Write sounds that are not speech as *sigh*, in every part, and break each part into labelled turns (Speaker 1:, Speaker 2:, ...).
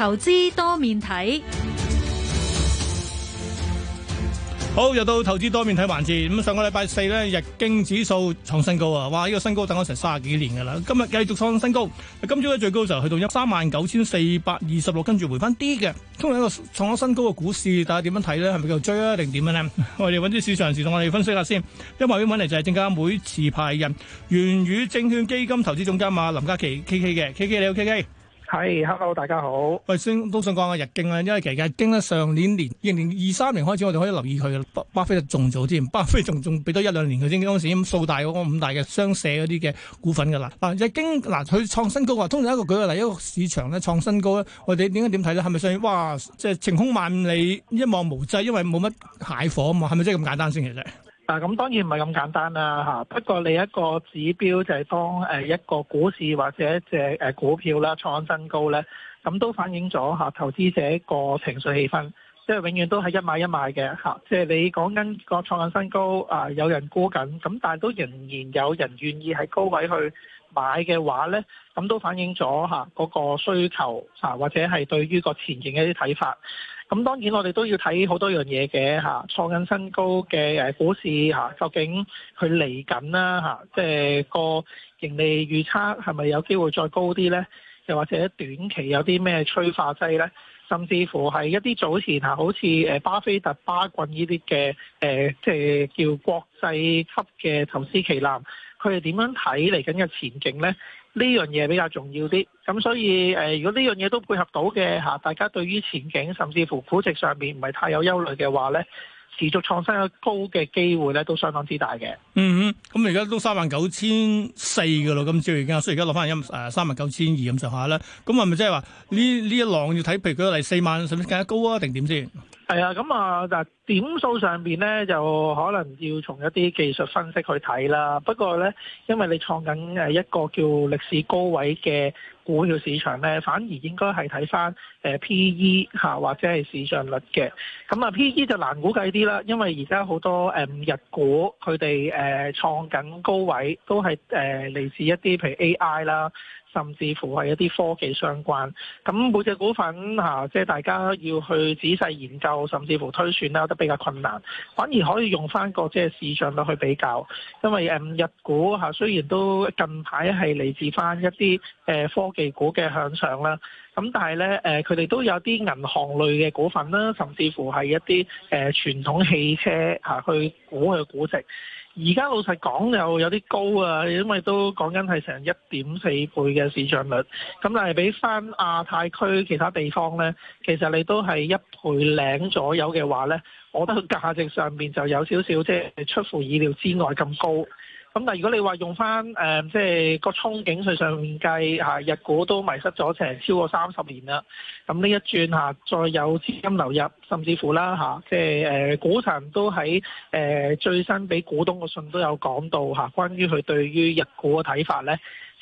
Speaker 1: 投
Speaker 2: 資多面睇，好又到投資多面睇環節。咁上個禮拜四咧，日經指數創新高啊！哇，呢個新高等咗成卅幾年噶啦。今日繼續創新高，今朝咧最高就去到一三萬九千四百二十六，跟住回翻啲嘅。今日一個創新高嘅股市，大家點樣睇咧？係咪夠追啊，定點樣咧？我哋揾啲市場人士同我哋分析下先。一埋邊揾嚟就係證監會持牌人源宇證券基金投資總監啊林家琪 K K 嘅 K K 你好 K K。係、hey，hello，大家好。我哋先都想講下日經啦，因為其實日經咧上年年，二零二三年開始我哋可以留意佢啦。巴菲特仲早添，巴菲特仲仲俾多一兩年佢先當時咁數大嗰個五大嘅商社嗰啲嘅股份噶啦。嗱，日經嗱佢創新高啊，通常一個舉個例，一個市場咧創新高咧，我哋點解點睇咧？係咪所以，哇，即係晴空萬里，一望無際，因為冇乜蟹貨啊嘛？係咪真係咁簡單先？其實？
Speaker 1: 嗱，咁、啊、當然唔係咁簡單啦，嚇！不過你一個指標就係當誒一個股市或者隻誒股票啦創新高咧，咁都反映咗嚇、啊、投資者個情緒氣氛，即係永遠都係一買一賣嘅嚇。即、啊、係、就是、你講緊個創新高啊，有人沽緊，咁但係都仍然有人願意喺高位去買嘅話咧，咁都反映咗嚇嗰個需求啊，或者係對於個前景嘅一啲睇法。咁當然我哋都要睇好多樣嘢嘅，創緊新高嘅股市究竟佢嚟緊啦，即係個盈利預測係咪有機會再高啲呢？又或者短期有啲咩催化劑呢？甚至乎係一啲早前好似巴菲特、巴郡呢啲嘅，即係叫國際級嘅投資旗艦。佢哋點樣睇嚟緊嘅前景咧？呢樣嘢比較重要啲。咁所以誒、呃，如果呢樣嘢都配合到嘅嚇，大家對於前景，甚至乎估值上面唔係太有憂慮嘅話咧，持續創新嘅高嘅機會咧，都相當之大嘅、
Speaker 2: 嗯。嗯哼，咁而家都三萬九千四嘅咯，今朝而家，所以而家落翻一三萬九千二咁上下啦。咁啊，係咪即係話呢呢一浪要睇，譬如舉例四萬，使唔使更加高啊？定點先？
Speaker 1: 係啊，咁、嗯、啊，但、嗯、係。點數上面咧就可能要從一啲技術分析去睇啦。不過咧，因為你創緊一個叫歷史高位嘅股票市場咧，反而應該係睇翻 P/E 或者係市淨率嘅。咁啊 P/E 就難估計啲啦，因為而家好多誒日股佢哋誒創緊高位都係誒嚟自一啲譬如 A.I. 啦，甚至乎係一啲科技相關。咁每隻股份即係大家要去仔細研究，甚至乎推算啦。比較困難，反而可以用翻個即係市場度去比較，因為誒日股嚇雖然都近排係嚟自翻一啲誒科技股嘅向上啦，咁但係呢，誒佢哋都有啲銀行類嘅股份啦，甚至乎係一啲誒傳統汽車嚇去估嘅估值。而家老實講又有啲高啊，因為都講緊係成一點四倍嘅市賬率，咁但係比返亞太區其他地方呢，其實你都係一倍零左右嘅話呢，我覺得價值上面就有少少即係出乎意料之外咁高。咁但係如果你話用翻誒，即係個憧憬去上面計嚇，日股都迷失咗成超過三十年啦。咁呢一轉嚇，再有資金流入，甚至乎啦嚇，即係誒股神都喺誒、呃、最新俾股東嘅信都有講到嚇、啊，關於佢對於日股嘅睇法咧。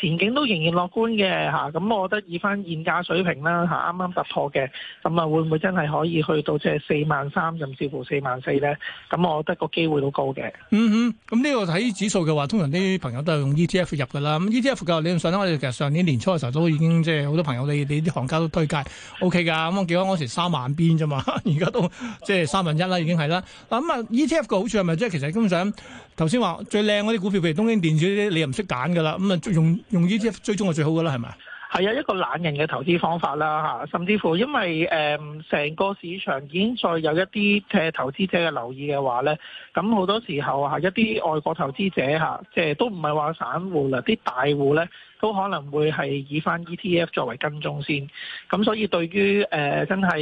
Speaker 1: 前景都仍然樂觀嘅咁、啊、我覺得以翻現價水平啦啱啱突破嘅，咁啊會唔會真係可以去到即係四萬三甚至乎四萬四咧？咁我覺得個機會都高嘅、嗯。
Speaker 2: 嗯咁呢個喺指數嘅話，通常啲朋友都係用 E T F 入㗎啦。咁 E T F 嘅理論上咧，我哋其實上年初嘅時候都已經即係好多朋友你你啲行家都推介 O K 㗎。咁我記得嗰時三萬邊啫嘛，而家都即係三萬一啦，已經係啦。嗱咁啊 E T F 嘅好處係咪即係其實基本上頭先話最靚嗰啲股票，譬如東京電子呢啲，你又唔識揀㗎啦。咁啊用用 ETF 追蹤係最好噶啦，係咪？
Speaker 1: 係啊，一個懶人嘅投資方法啦嚇，甚至乎因為誒成、嗯、個市場已經再有一啲嘅投資者嘅留意嘅話咧，咁好多時候嚇一啲外國投資者嚇，即係都唔係話散戶啦，啲大戶咧都可能會係以翻 ETF 作為跟蹤先。咁所以對於誒、呃、真係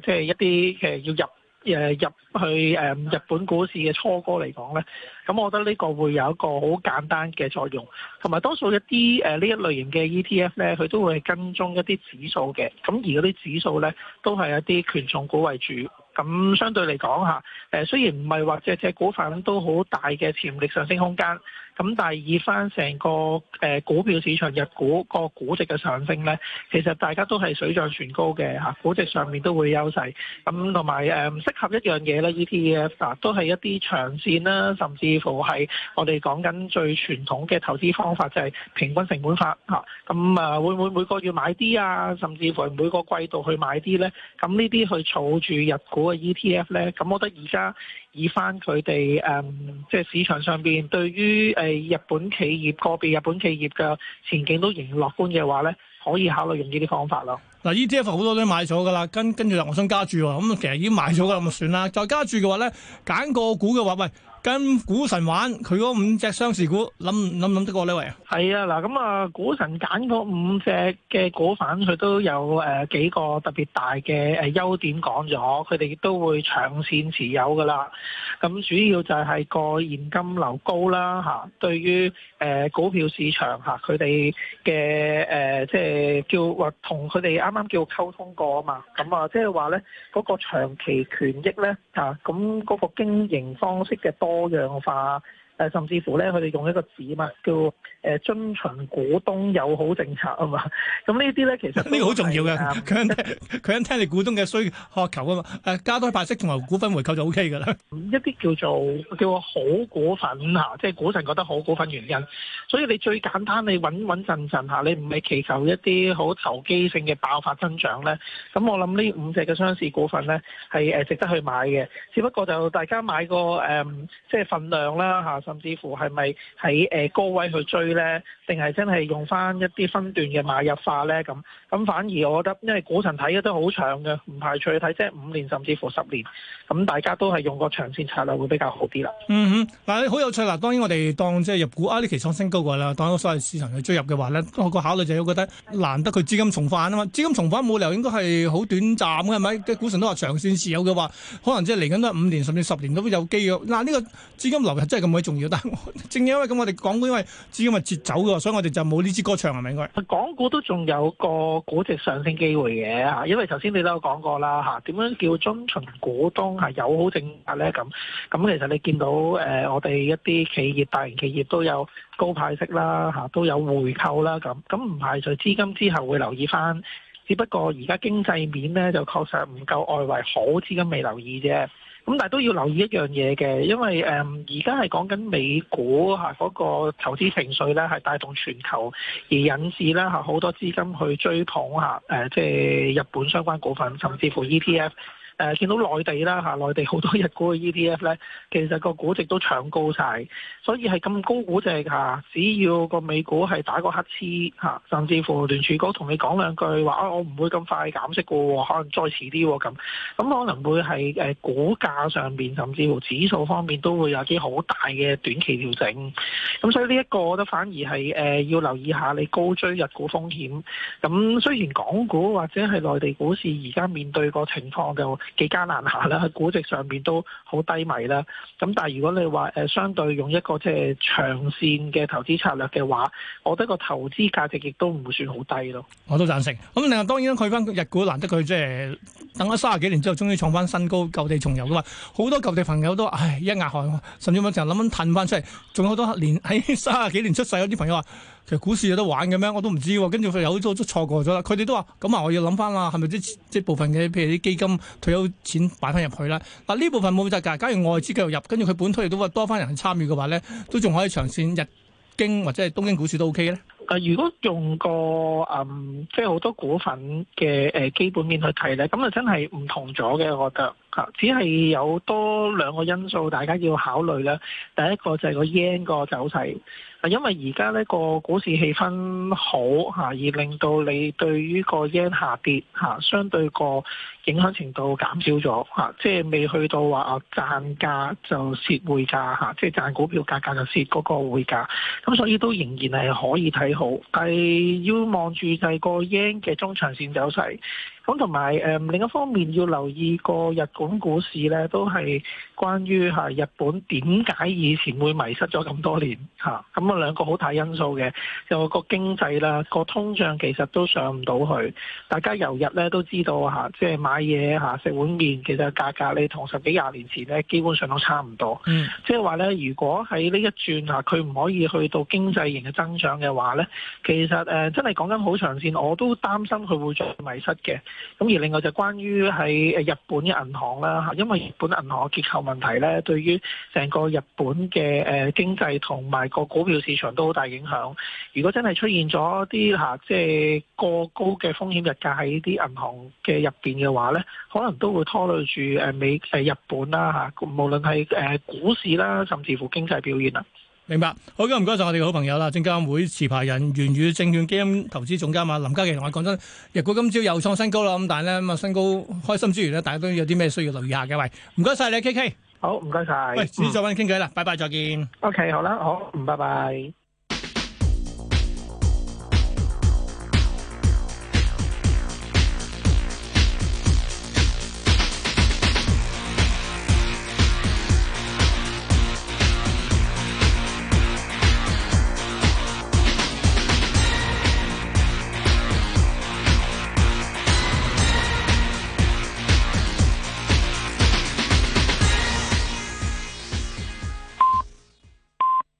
Speaker 1: 即係一啲誒要入誒入去誒、嗯、日本股市嘅初哥嚟講咧。咁我覺得呢個會有一個好簡單嘅作用，同埋多數一啲呢、呃、一類型嘅 ETF 咧，佢都會跟蹤一啲指數嘅，咁而嗰啲指數咧都係一啲權重股為主，咁相對嚟講下雖然唔係話隻隻股份都好大嘅潛力上升空間，咁但係以翻成個、呃、股票市場日股、嗰個估值嘅上升咧，其實大家都係水漲船高嘅嚇、啊，估值上面都會優勢，咁同埋唔適合一樣嘢咧 ETF，、啊、都係一啲長線啦，甚至似乎係我哋講緊最傳統嘅投資方法，就係、是、平均成本法嚇。咁啊，會唔會每個月買啲啊？甚至乎每個季度去買啲咧？咁呢啲去儲住日股嘅 ETF 咧？咁我覺得而家以翻佢哋誒，即、嗯、係、就是、市場上邊對於誒、呃、日本企業個別日本企業嘅前景都仍然樂觀嘅話咧，可以考慮用呢啲方法咯。
Speaker 2: 嗱，ETF 好多都買咗噶啦，跟跟住我想加注喎。咁、哦嗯、其實已經買咗噶咁就算啦。再加注嘅話咧，揀個股嘅話，喂。跟股神玩佢嗰五隻雙市股，諗諗唔諗得過呢位？
Speaker 1: 係啊，嗱，咁啊股神揀嗰五隻嘅股份，佢都有誒幾個特別大嘅誒優點講咗，佢哋亦都會長線持有噶啦。咁主要就係個現金流高啦，吓，對於。誒、呃、股票市場嚇，佢哋嘅誒即係叫或同佢哋啱啱叫溝通過啊嘛，咁啊即係話咧嗰個長期權益咧嚇，咁、啊、嗰、嗰個經營方式嘅多樣化。甚至乎咧，佢哋用一個字物叫誒遵循股東友好政策啊嘛。咁呢啲咧其
Speaker 2: 實呢個好重要嘅，佢肯聽你股東嘅需渴求啊嘛。誒加多派息同埋股份回購就 OK 嘅啦。
Speaker 1: 一啲叫做叫好股份嚇，即係股神覺得好股份原因。所以你最簡單，你穩穩陣陣嚇，你唔係祈求一啲好投機性嘅爆發增長咧。咁我諗呢五隻嘅上市股份咧係誒值得去買嘅，只不過就大家買個誒即係份量啦嚇。甚至乎係咪喺誒高位去追咧？定係真係用翻一啲分段嘅買入化咧？咁咁反而我覺得，因為股神睇嘅都好長嘅，唔排除去睇即係五年甚至乎十年。咁大家都係用個長線策略會比較好啲啦。
Speaker 2: 嗯哼，嗱，你好有趣啦。當然我哋當即係入股啊呢期創新高嘅話啦，當所有市場去追入嘅話咧，我個考慮就會覺得難得佢資金重返啊嘛。資金重返冇理由應該係好短暫嘅係咪？即係股神都話長線持有嘅話，可能即係嚟緊都五年甚至十年都會有機會。嗱、啊，呢、呢個資金流係真係咁鬼重要。但正因為咁，我哋港股因為資金咪折走嘅，所以我哋就
Speaker 1: 冇呢支歌唱係咪應該？港股都仲有個估值上升機會嘅，因為頭先你都有講過啦吓，點樣叫遵循股東係友好政策咧？咁咁其實你見到誒，我哋一啲企業大型企業都有高派息啦吓，都有回購啦咁，咁唔排除資金之後會留意返，只不過而家經濟面咧就確實唔夠外圍好，資金未留意啫。咁但係都要留意一樣嘢嘅，因為誒而家係講緊美股嗰個投資情緒咧，係帶動全球而引致咧，好多資金去追捧嚇、呃、即係日本相關股份，甚至乎 ETF。誒見、呃、到內地啦嚇，內、啊、地好多日股嘅 ETF 咧，其實個估值都搶高晒。所以係咁高估值嚇、啊，只要個美股係打個乞嗤、啊、甚至乎聯儲局同你講兩句話啊，我唔會咁快減息嘅喎，可能再遲啲喎咁，咁可能會係誒、呃、股價上面，甚至乎指數方面都會有啲好大嘅短期調整。咁所以這呢一個都反而係、呃、要留意一下你高追日股風險。咁雖然港股或者係內地股市而家面對個情況嘅。幾艱難下啦，喺估值上面都好低迷啦。咁但係如果你話誒，相對用一個即係長線嘅投資策略嘅話，我覺得個投資價值亦都唔會算好低咯。
Speaker 2: 我都贊成。咁另外當然啦，佢翻日股難得佢即係等咗三十幾年之後，終於創翻新高，舊地重遊嘅嘛。好多舊地朋友都唉，一額汗，甚至我成日諗諗褪翻出嚟。仲有好多年喺三十幾年出世嗰啲朋友話。其實股市有得玩嘅咩？我都唔知，哦。跟住佢有好多都錯過咗啦。佢哋都話咁啊，我要諗翻啦。係咪啲即係部分嘅，譬如啲基金退休錢擺翻入去啦？嗱，呢部分冇質㗎。假如外資繼續入，跟住佢本土亦都話多翻人去參與嘅話咧，都仲可以長線日經或者係東京股市都 OK 咧。
Speaker 1: 啊、如果用個嗯，即係好多股份嘅誒、呃、基本面去睇咧，咁啊真係唔同咗嘅，我覺得嚇、啊。只係有多兩個因素大家要考慮咧。第一個就係個 yen 個走勢，啊、因為而家呢個股市氣氛好嚇、啊，而令到你對於個 yen 下跌嚇、啊，相對個影響程度減少咗嚇、啊，即係未去到話啊賺價就蝕匯價嚇、啊，即係賺股票價格就蝕嗰個匯價。咁所以都仍然係可以睇。係要望住就係個 yen 嘅中長線走勢。 *noise* 咁同埋誒另一方面要留意個日本股市咧，都係關於嚇日本點解以前會迷失咗咁多年嚇，咁啊兩個好大因素嘅，就個經濟啦、個通脹其實都上唔到去。大家由日咧都知道嚇，即係買嘢嚇食碗麵，其實價格你同十幾廿年前咧基本上都差唔多。嗯，即係話咧，如果喺呢一轉啊，佢唔可以去到經濟型嘅增長嘅話咧，其實誒真係講緊好長線，我都擔心佢會再迷失嘅。咁而另外就關於喺誒日本嘅銀行啦吓，因為日本銀行嘅結構問題咧，對於成個日本嘅誒經濟同埋個股票市場都好大影響。如果真係出現咗啲吓，即、啊、係、就是、過高嘅風險溢價喺啲銀行嘅入邊嘅話咧，可能都會拖累住誒美誒日本啦吓、啊，無論係誒股市啦，甚至乎經濟表現啦。明白，好，咁唔該晒我哋嘅好朋友啦，證監會持牌人
Speaker 2: 員宇證券基金投資總監啊林嘉琪同我講真，日股今朝又創新高啦，咁但係咧咁啊，新高開心之餘咧，大家都有啲咩需要留意下嘅位？唔該晒你 K K，好唔該晒，喂，遲再搵傾偈啦，拜拜再見
Speaker 1: ，OK 好啦，好、嗯，唔拜拜。